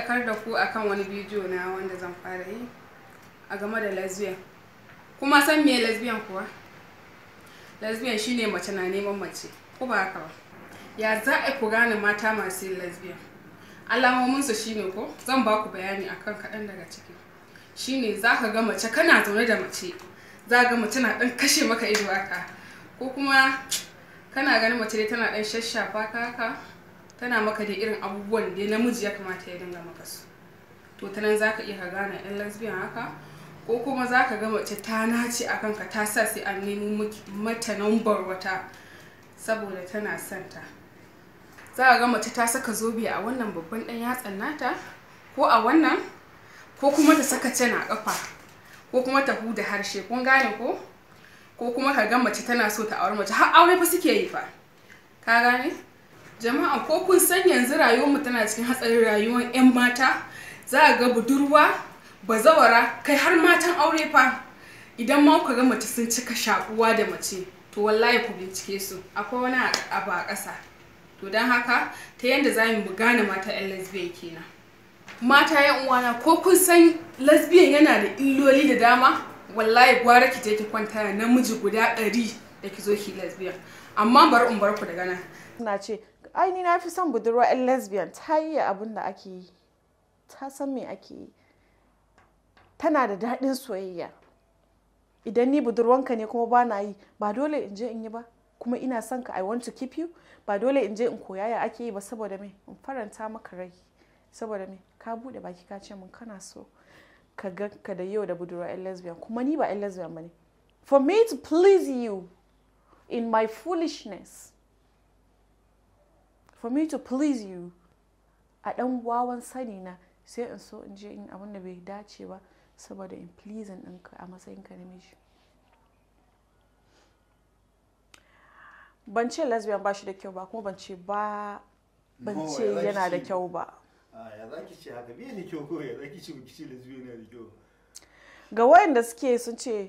faɗakar da ku akan wani bidiyo na wanda zan fara yi a game da lesbian kuma san me lesbian kuwa lesbian shine mace na neman mace ku ba haka ba ya za a ku gane mata masu yin lesbian shi shine ko zan ba ku bayani akan kaɗan daga ciki shine za ka ga mace kana zaune da mace za ga mace na ɗan kashe maka ido haka ko kuma kana ganin mace dai tana ɗan shashafa ka haka tana maka da irin abubuwan da namiji ya kamata ya dinga maka su to ta nan zaka iya ka gane yan lesbian haka ko kuma zaka ga mace ta nace a kanka ta sa sai an nemi mata nambar wata saboda tana son ta za ga mace ta saka zobe a wannan babban dan yatsan nata ko a wannan ko kuma ta saka cana a kafa ko kuma ta huda harshe kun gane ko ko kuma ka ga mace tana so ta aure mace har aure fa suke yi fa ka gane jama'a ko kun san yanzu mu tana cikin hatsarin rayuwar 'yan mata za a ga budurwa bazawara kai har matan aure fa idan ma ku ga mace sun cika shakuwa da mace to wallahi ku bincike su akwai wani abu a ƙasa to don haka ta yadda za mu gane mata 'yan lesbian kenan mata 'yan uwana ko kun san lesbian yana da illoli da dama wallahi gwara ki je ki kwanta namiji guda ɗari da ki zo ki lesbian amma bari in bar ku daga nan na ce ai ni na fi son budurwa 'yan lesbian ta yi abin da ake yi ta san me ake yi tana da daɗin soyayya idan ni budurwanka ne kuma ba na yi ba dole in je in yi ba kuma ina son ka i want to keep you ba dole in je in koya ya ake yi ba saboda me in faranta maka rai saboda me ka bude baki ka ce min kana so ka ga ka da yau da budurwa 'yan lesbian kuma ni ba 'yan lesbian ba ne for me to please you in my foolishness for me to please you a ɗan wawan sani na sai in so in je in abin da bai dace ba saboda in pleasing ɗinka a matsayin ka na miji ban ce lesbian ba shi da kyau ba kuma ban ce ba ban ce yana da kyau ba ga wayan da ga wayanda suke sun ce